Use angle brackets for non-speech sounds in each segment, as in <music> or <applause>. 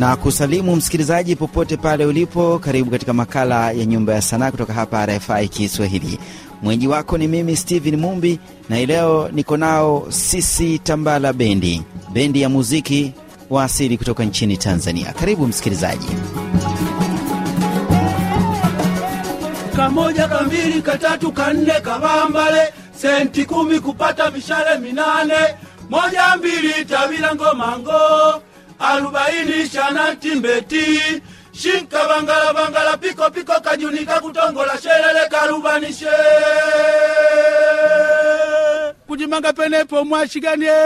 na kusalimu msikilizaji popote pale ulipo. Karibu katika makala ya Nyumba ya Sanaa kutoka hapa RFI Kiswahili. mwenji wako ni mimi stehen Mumbi, na leo niko nao Sisi Tambala Bendi, bendi ya muziki wa asili kutoka nchini Tanzania. Karibu msikilizaji. Kamoja, kambili, katatu, kanne, kavambale senti kumi kupata mishale minane, moja, mbili, tavila ngomango arubaini shana timbeti shinka bangala bangala piko piko kajunika kutongola sherele karubanishe kujimanga penepo mwashiganie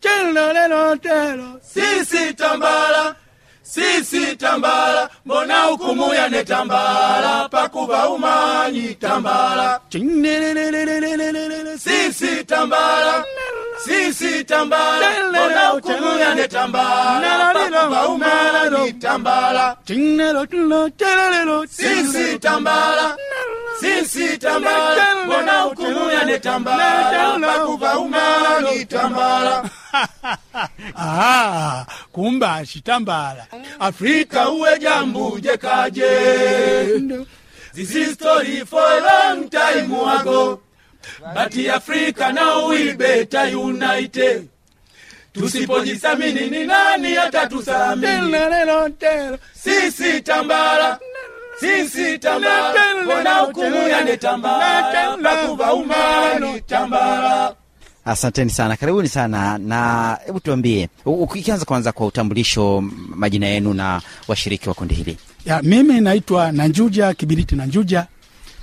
chelo sisi tambala sisi tambala mbona ukumuya ne tambala pakuba umanyi tambala sisi tambala Nero sisi tambala ona ne tambala pakupa umala ni tambala sisi tambala sisi tambala bona ne tambala pakupa umala ni tambala <laughs> ah, kumba shitambala afrika uwe jambuje kaje This is story for a long time ago. Bati Afrika now we better united. Tusipojithamini ni nani atatusamihi? Sisi tambala sisi tambara, kona hukumu yane tambara, umani tambara. Asanteni sana, karibuni sana na hebu tuambie, ukianza kwanza kwa utambulisho, majina yenu na washiriki wa kundi hili. Ya, mimi naitwa Nanjuja Kibiriti Nanjuja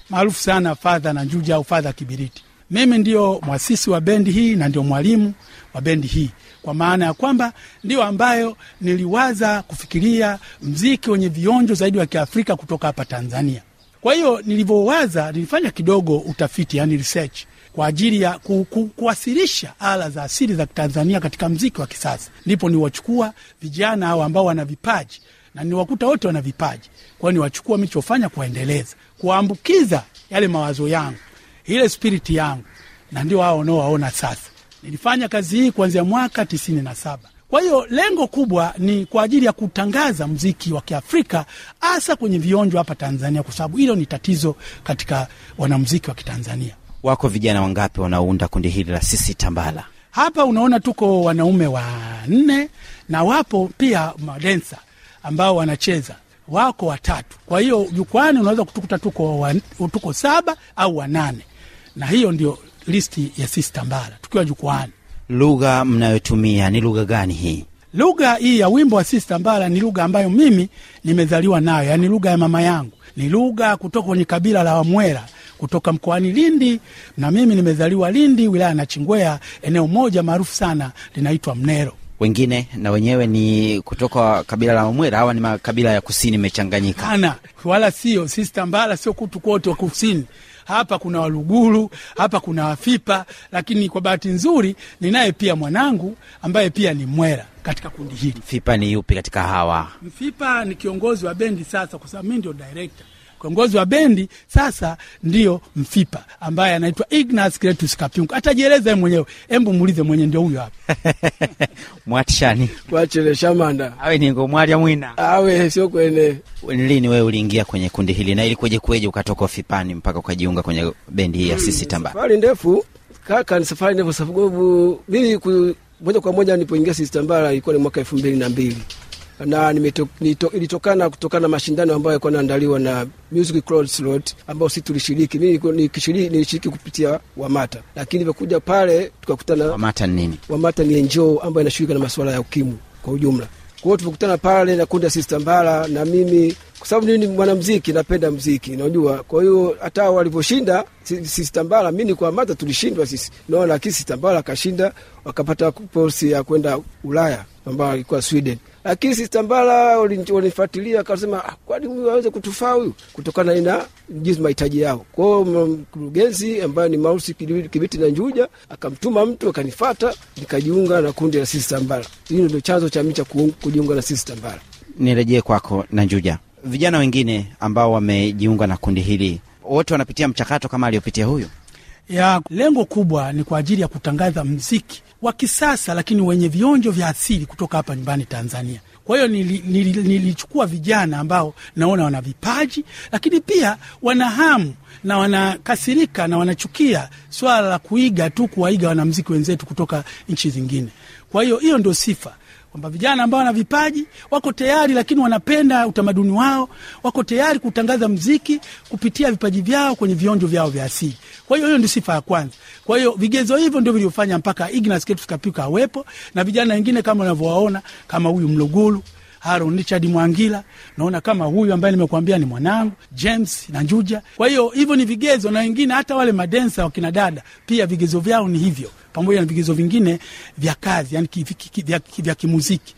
maarufu sana Fadha na Njuja au Fadha Kibiriti. Mimi ndio mwasisi wa bendi hii na ndio mwalimu wa bendi hii, kwa maana ya kwamba ndio ambayo niliwaza kufikiria mziki wenye vionjo zaidi wa Kiafrika kutoka hapa Tanzania. Kwa hiyo nilivyowaza, nilifanya kidogo utafiti, yani research kwa ajili ya ku, ku, kuwasilisha ala za asili za Tanzania katika mziki wa kisasa. Ndipo niwachukua vijana hao ambao wana vipaji na niwakuta wote wana vipaji kwao, niwachukua michofanya kuwaendeleza, kuwaambukiza yale mawazo yangu, ile spiriti yangu, na ndio hao unaowaona sasa. Nilifanya kazi hii kuanzia mwaka tisini na saba. Kwa hiyo lengo kubwa ni kwa ajili ya kutangaza mziki wa Kiafrika hasa kwenye vionjo hapa Tanzania, kwa sababu hilo ni tatizo katika wanamziki wa Kitanzania. Wako vijana wangapi wanaounda kundi hili la sisi Tambala? Hapa unaona tuko wanaume wanne na wapo pia madensa ambao wanacheza wako watatu. Kwa hiyo jukwani unaweza kutukuta tuko, tuko saba au wanane, na hiyo ndio listi ya sisi Tambara tukiwa jukwani. Lugha mnayotumia ni lugha gani hii? Lugha hii ya wimbo wa sisi Tambara ni lugha ambayo mimi nimezaliwa nayo, yaani lugha ya mama yangu, ni lugha kutoka kwenye kabila la Wamwera kutoka mkoani Lindi, na mimi nimezaliwa Lindi, wilaya ya Nachingwea, eneo moja maarufu sana linaitwa Mnero wengine na wenyewe ni kutoka kabila la Wamwera. Hawa ni makabila ya kusini imechanganyika, wala sio sisi Tambala, sio kutu kwote wa kusini hapa kuna Waluguru, hapa kuna Wafipa, lakini kwa bahati nzuri ninaye pia mwanangu ambaye pia ni Mwera katika kundi hili. Fipa ni yupi katika hawa? Mfipa ni kiongozi wa bendi sasa, kwa sababu mi ndio director Kiongozi wa bendi sasa ndio Mfipa ambaye anaitwa Ignas Gretus Kapyunga. atajieleza mwenyewe. Embu muulize mwenye, ndio huyo hapa <laughs> mwatishani kwachele shamanda awe ningo mwalia mwina awe sio kwene. Lini wewe uliingia kwenye kundi hili na ili kweje ukatoka ufipani mpaka ukajiunga kwenye bendi hii ya hmm, sisi tamba? Safari ndefu kaka, ni safari ndefu sababu mimi moja kwa moja nilipoingia sisi tambara ilikuwa ni mwaka elfu mbili na mbili na ilitokana kutokana na mashindano ambayo yalikuwa naandaliwa na Music Crossroads ambao sisi tulishiriki. Mimi nilishiriki kupitia Wamata, lakini nilivyokuja pale tukakutana. Wamata ni nini? Wamata ni NGO ambayo inashughulika na masuala ya ukimwi kwa ujumla. Kwa hiyo tulikutana pale na kundi la Sista Mbala na mimi kwa sababu mimi ni mwanamuziki, napenda muziki, unajua. Kwa hiyo hata walivyoshinda Sista Mbala, mimi ni kwa Mata tulishindwa sisi, naona, lakini Sista Mbala akashinda, wakapata posi ya kwenda Ulaya ambayo ilikuwa Sweden. Lakini Sista Mbala walifuatilia, akasema ah, kwani huyu aweze kutufaa huyu, kutokana na jinsi mahitaji yao. Kwa hiyo mkurugenzi ambaye ni Mausi Kibiti na Njuja akamtuma mtu akanifata, nikajiunga na kundi la Sista Mbala. Hii ndio chanzo cha mimi cha kujiunga na Sista Mbala. Nirejee kwako na Njuja, vijana wengine ambao wamejiunga na kundi hili wote wanapitia mchakato kama aliyopitia huyu? ya lengo kubwa ni kwa ajili ya kutangaza mziki wa kisasa lakini wenye vionjo vya asili kutoka hapa nyumbani Tanzania. Kwa hiyo nilichukua nili, nili vijana ambao naona wana vipaji lakini pia wana hamu na wanakasirika na wanachukia swala la kuiga tu kuwaiga wanamziki wenzetu kutoka nchi zingine. Kwa hiyo hiyo ndio sifa kwamba vijana ambao wana vipaji wako tayari, lakini wanapenda utamaduni wao, wako tayari kutangaza mziki kupitia vipaji vyao kwenye vionjo vyao vya asili. Kwa hiyo hiyo ndio sifa ya kwanza. Kwa hiyo vigezo hivyo ndio vilivyofanya mpaka Ignas Ketu Skapika awepo na vijana wengine kama unavyowaona, kama huyu Mlugulu Aaron Richard Mwangila, naona kama huyu ambaye nimekuambia ni mwanangu James na Njuja. Kwa hiyo hivyo ni vigezo, na wengine hata wale madensa wakina dada pia vigezo vyao ni hivyo, pamoja na vigezo vingine vya kazi, yani vya kimuziki.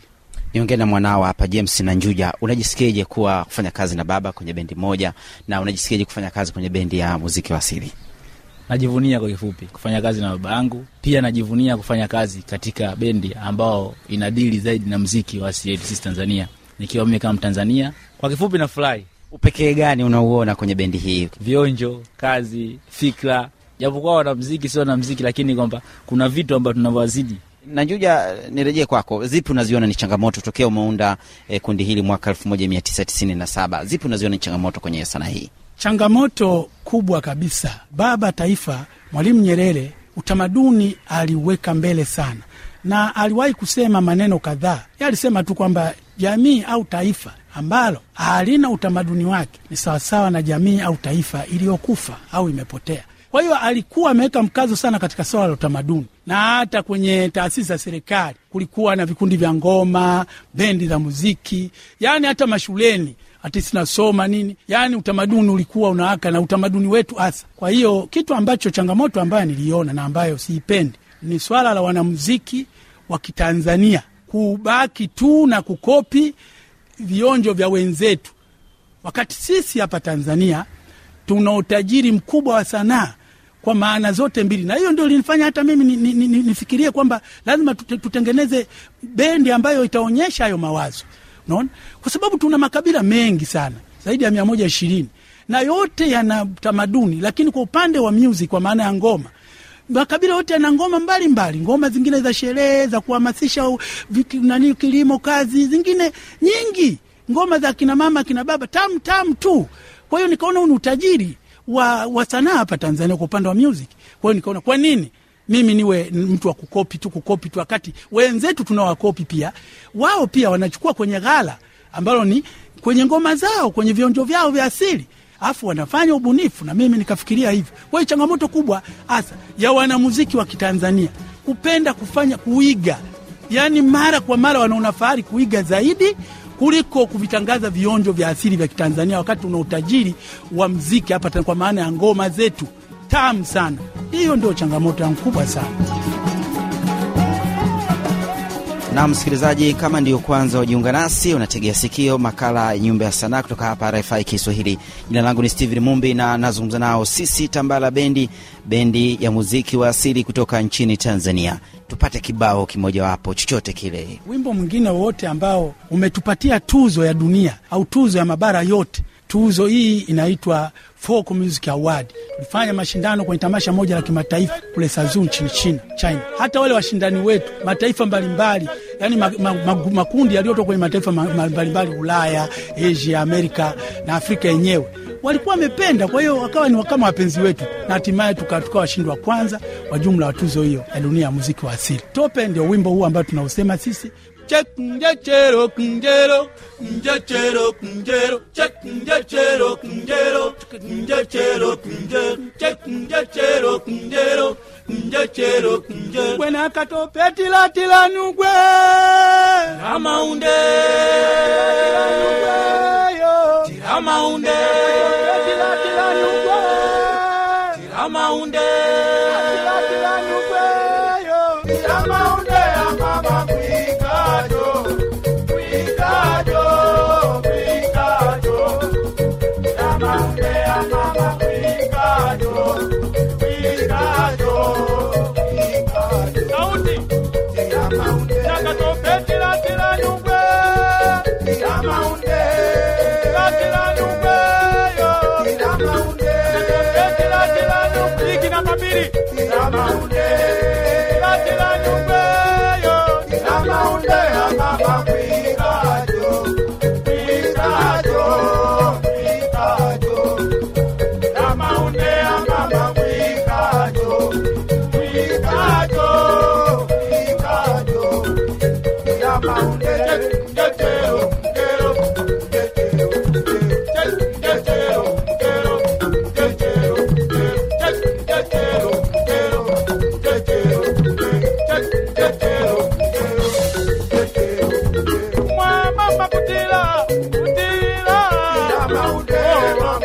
Niongee na mwanao hapa James na Njuja, unajisikiaje kuwa kufanya kazi na baba kwenye bendi moja, na unajisikiaje kufanya kazi kwenye bendi ya muziki wa asili? Najivunia kwa kifupi kufanya kazi na baba yangu, pia najivunia kufanya kazi katika bendi ambao inadili zaidi na mziki wa CADC Tanzania, nikiwa mimi kama Mtanzania. Kwa kifupi, nafurahi. Upekee gani unauona kwenye bendi hii? Vionjo, kazi, fikra, japokuwa mziki sio mziki lakini kwamba kuna vitu ambavyo tunavyowazidi Najuja, nirejee kwako, zipi unaziona ni changamoto tokea umeunda eh, kundi hili mwaka elfu moja mia tisa tisini na saba? Zipi unaziona ni changamoto kwenye sana hii? Changamoto kubwa kabisa, baba taifa Mwalimu Nyerere utamaduni aliweka mbele sana, na aliwahi kusema maneno kadhaa. Ye alisema tu kwamba jamii au taifa ambalo halina utamaduni wake ni sawasawa na jamii au taifa iliyokufa au imepotea. Kwa hiyo alikuwa ameweka mkazo sana katika swala la utamaduni, na hata kwenye taasisi za serikali kulikuwa na vikundi vya ngoma, bendi za muziki, yaani hata mashuleni ati sinasoma nini. Yani utamaduni ulikuwa unaaka na utamaduni wetu hasa. Kwa hiyo kitu ambacho changamoto ambayo niliona na ambayo siipendi ni swala la wanamuziki wa Kitanzania kubaki tu na kukopi vionjo vya wenzetu, wakati sisi hapa Tanzania tuna utajiri mkubwa wa sanaa kwa maana zote mbili, na hiyo ndio linifanya hata mimi nifikirie ni, ni, ni kwamba lazima tutengeneze bendi ambayo itaonyesha hayo mawazo unaona, kwa sababu tuna makabila mengi sana zaidi ya mia moja ishirini na yote yana tamaduni, lakini kwa upande wa music, kwa maana ya ngoma makabila yote yana ngoma mbalimbali, ngoma zingine za sherehe, za kuhamasisha nani, kilimo, kazi zingine nyingi, ngoma za kina mama, kina baba, tam tam tu. Kwa hiyo nikaona huu ni utajiri wa, wa sanaa hapa Tanzania kwa upande wa music. Kwa hiyo nikaona kwa nini mimi niwe mtu wa kukopi tu kukopi tu, wakati wenzetu tunawakopi pia. Wao pia wanachukua kwenye ghala ambalo ni kwenye ngoma zao, kwenye vionjo vyao vya asili afu wanafanya ubunifu na mimi nikafikiria hivyo. Kwa hiyo changamoto kubwa hasa ya wanamuziki wa Kitanzania kupenda kufanya kuiga, yani mara kwa mara wanaona fahari kuiga zaidi kuliko kuvitangaza vionjo vya asili vya Kitanzania, wakati una utajiri wa mziki hapa, kwa maana ya ngoma zetu tamu sana. Hiyo ndio changamoto yangu kubwa sana. Na msikilizaji, kama ndiyo kwanza ujiunga nasi, unategea sikio makala ya Nyumba ya Sanaa kutoka hapa RFI Kiswahili. Jina langu ni Steven Mumbi na nazungumza nao Sisi Tambala Bendi, bendi ya muziki wa asili kutoka nchini Tanzania. Tupate kibao kimojawapo chochote kile, wimbo mwingine wowote ambao umetupatia tuzo ya dunia au tuzo ya mabara yote Tuzo hii inaitwa Folk Music Award. Tulifanya mashindano kwenye tamasha moja la kimataifa kule Suzhou nchini China, China. Hata wale washindani wetu mataifa mbalimbali, yani ma, ma, ma, makundi yaliyotoka kwenye mataifa mbalimbali Ulaya, Asia, Amerika na Afrika yenyewe walikuwa wamependa, kwa hiyo wakawa ni kama wapenzi wetu, na hatimaye tukatuka washindi wa kwanza wa jumla wa tuzo hiyo ya dunia ya muziki wa asili. Tope ndio wimbo huu ambao tunausema sisi check yachero kungero yachero kungero check yachero kungero yachero kungero check yachero kungero yachero kungero wena katopetila tila nugwe amaunde yo tira amaunde Oh there.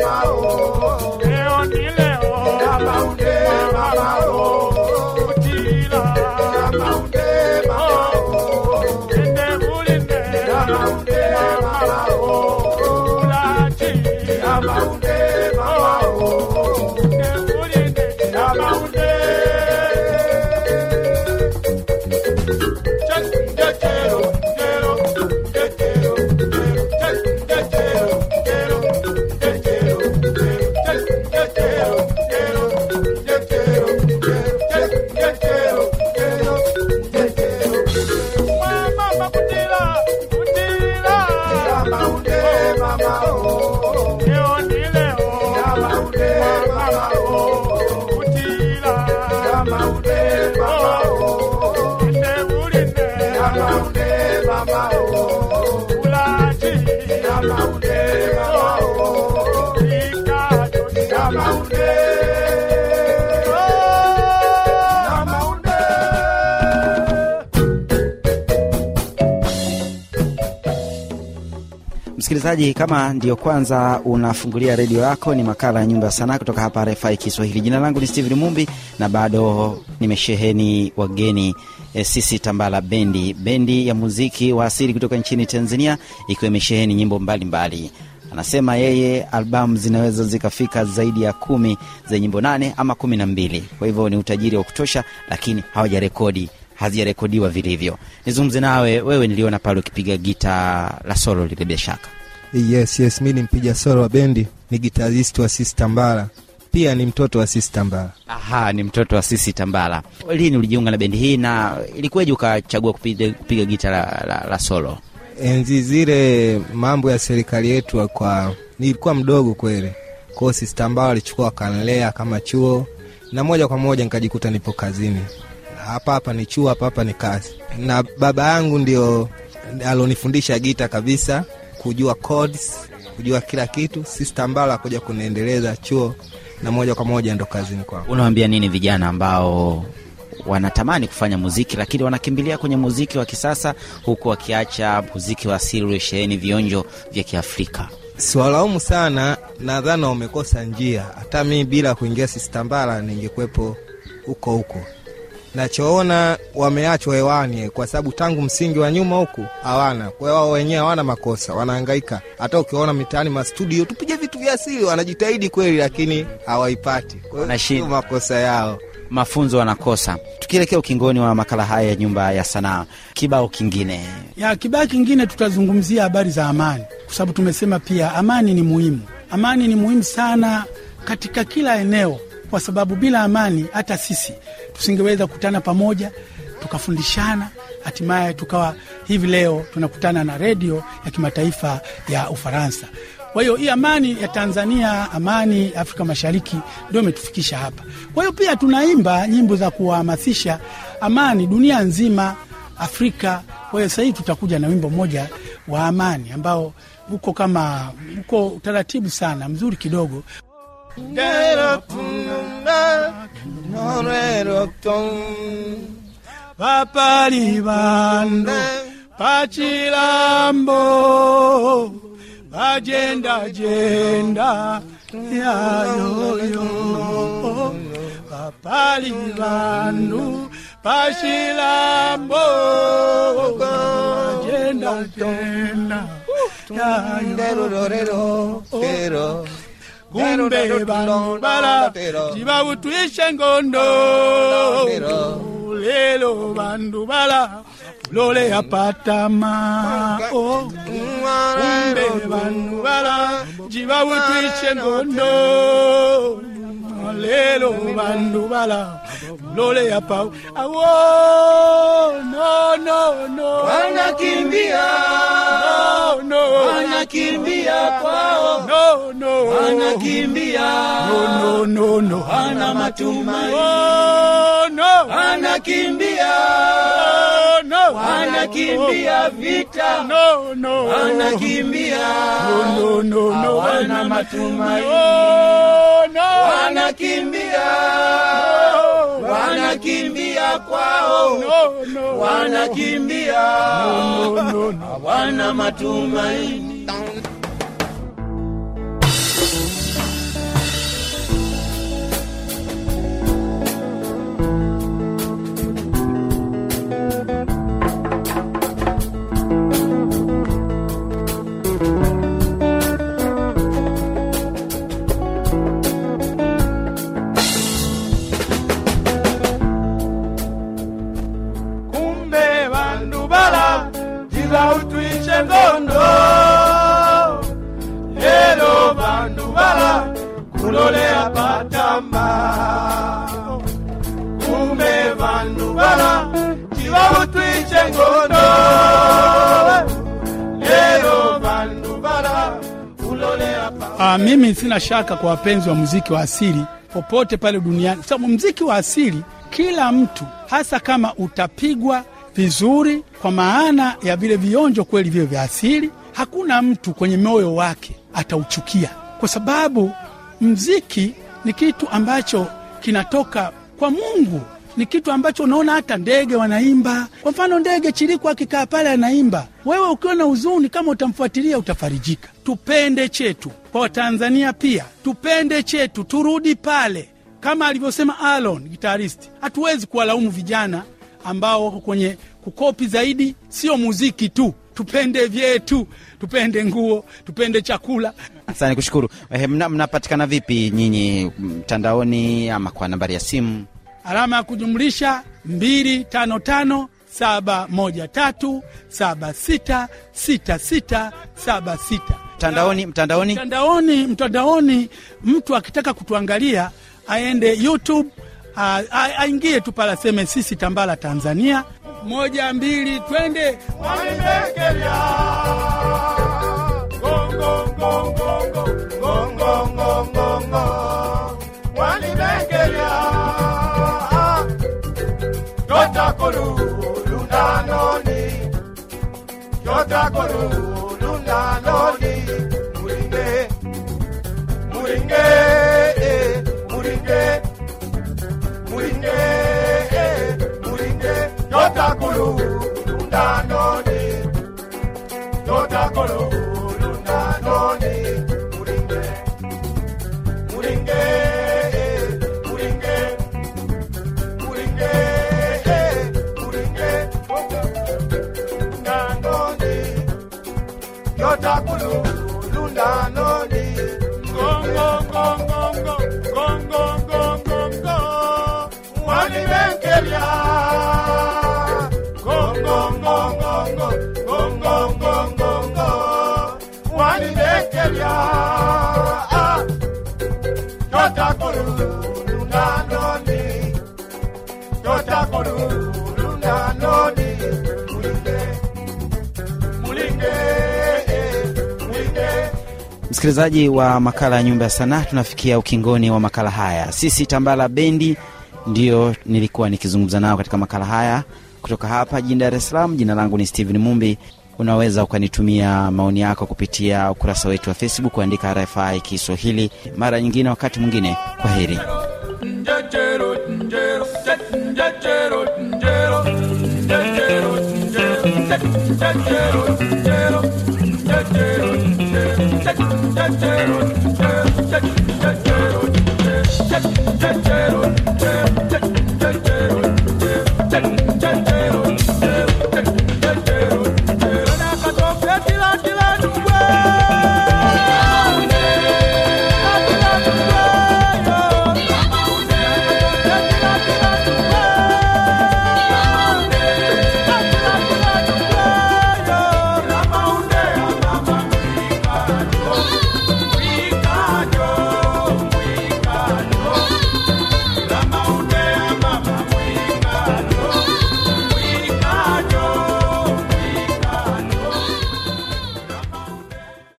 msikilizaji, kama ndio kwanza unafungulia redio yako, ni makala ya Nyumba ya Sanaa kutoka hapa RFI Kiswahili. Jina langu ni Steven Mumbi na bado nimesheheni wageni e, sisi Tambala Bendi, bendi ya muziki wa asili kutoka nchini Tanzania, ikiwa imesheheni nyimbo mbalimbali mbali. Anasema yeye albamu zinaweza zikafika zaidi ya kumi za nyimbo nane ama kumi na mbili. Kwa hivyo ni utajiri wa kutosha, lakini hawajarekodi hazijarekodiwa vilivyo. Nizungumze nawe wewe, niliona pale ukipiga gita la solo lile, bila shaka Yes, yes, mi ni mpiga solo wa bendi, ni gitarist wa Sisi Tambara, pia ni mtoto wa Sisi Tambara. Aha, ni mtoto wa Sisi Tambara. Lini ulijiunga na bendi hii na ilikuwaje ukachagua kupiga, kupiga gita la, la, la solo? Enzi zile mambo ya serikali yetu, kwa nilikuwa mdogo kweli, kwao Sisi Tambara alichukua wakanlea kama chuo, na moja kwa moja nikajikuta nipo kazini hapa hapa ni chuo, hapa hapa ni kazi, na baba yangu ndio alonifundisha gita kabisa kujua codes, kujua kila kitu. Sista Mbala akuja kuniendeleza chuo na moja kwa moja ndo kazini kwa unawambia nini vijana ambao wanatamani kufanya muziki lakini wanakimbilia kwenye muziki wa kisasa huku wakiacha muziki wa asili uliosheheni vionjo vya Kiafrika? Siwalaumu sana, nadhani wamekosa njia. Hata mi bila kuingia sistambala ningekuwepo huko huko nachoona wameachwa hewani, kwa sababu tangu msingi wa nyuma huku hawana. Kwa hiyo wao wenyewe hawana makosa, wanahangaika. Hata ukiwaona mitaani mastudio, tupige vitu vya asili, wanajitahidi kweli, lakini hawaipati. Kwa hiyo makosa yao mafunzo wanakosa. Tukielekea ukingoni wa makala haya ya Nyumba ya Sanaa, kibao kingine ya kibao kingine tutazungumzia habari za amani, kwa sababu tumesema pia amani ni muhimu. Amani ni muhimu sana katika kila eneo, kwa sababu bila amani hata sisi tusingeweza kukutana pamoja tukafundishana, hatimaye tukawa hivi leo tunakutana na redio ya kimataifa ya Ufaransa. Kwa hiyo hii amani ya Tanzania, amani Afrika Mashariki ndio imetufikisha hapa. Kwa hiyo pia tunaimba nyimbo za kuwahamasisha amani dunia nzima, Afrika. Kwa hiyo sahii tutakuja na wimbo mmoja wa amani ambao uko kama uko utaratibu sana mzuri kidogo nore rotong vaparivando pachilambo vajenda jenda yayoyo vaparivando pachilambo vajenda jenda yayoyo kumbe bano bala tibabutwishe oh, ngondo lelo bandu bala lole apatama oh. kumbe banu bala jibabutwishe ngondo lelo bandu bala lole apa awo no no no wanakimbia no no wanakimbia kwao no, no. anakimbia no, no, no, no. ana matumaini oh, no. anakimbia oh, anakimbia vita no, no. anakimbia no, no, no, no. ana matumaini oh, no. anakimbia wanakimbia kwao no, no. wanakimbia no, no, no. hawana matumaini Aa, ah, mimi sina shaka kwa wapenzi wa muziki wa asili popote pale duniani, kwa sababu muziki wa asili kila mtu, hasa kama utapigwa vizuri kwa maana ya vile vionjo kweli vile vya asili, hakuna mtu kwenye moyo wake atauchukia, kwa sababu mziki ni kitu ambacho kinatoka kwa Mungu ni kitu ambacho unaona hata ndege wanaimba. Kwa mfano, ndege chiriku akikaa pale anaimba, wewe ukiwa na huzuni, kama utamfuatilia utafarijika. Tupende chetu kwa Watanzania, pia tupende chetu, turudi pale kama alivyosema Alon gitaristi. Hatuwezi kuwalaumu vijana ambao wako kwenye kukopi zaidi, sio muziki tu tupende vyetu, tupende nguo, tupende chakula. Asante, kushukuru. Eh, mnapatikana vipi nyinyi mtandaoni ama kwa nambari ya simu? alama ya kujumlisha 255713766676 mtandaoni mtandaoni mtandaoni mtandaoni, mtu akitaka kutuangalia aende YouTube aingie tu pala, aseme sisi Tambala Tanzania, moja mbili, twende Mwalimu Sakoro. Msikilizaji wa makala ya Nyumba ya Sanaa, tunafikia ukingoni wa makala haya. Sisi Tambala Bendi ndiyo nilikuwa nikizungumza nao katika makala haya kutoka hapa jijini dares salam Salaam. Jina langu ni stehen Mumbi. Unaweza ukanitumia maoni yako kupitia ukurasa wetu wa Facebook, kuandika RFI Kiswahili. Mara nyingine, wakati mwingine, kwa heri.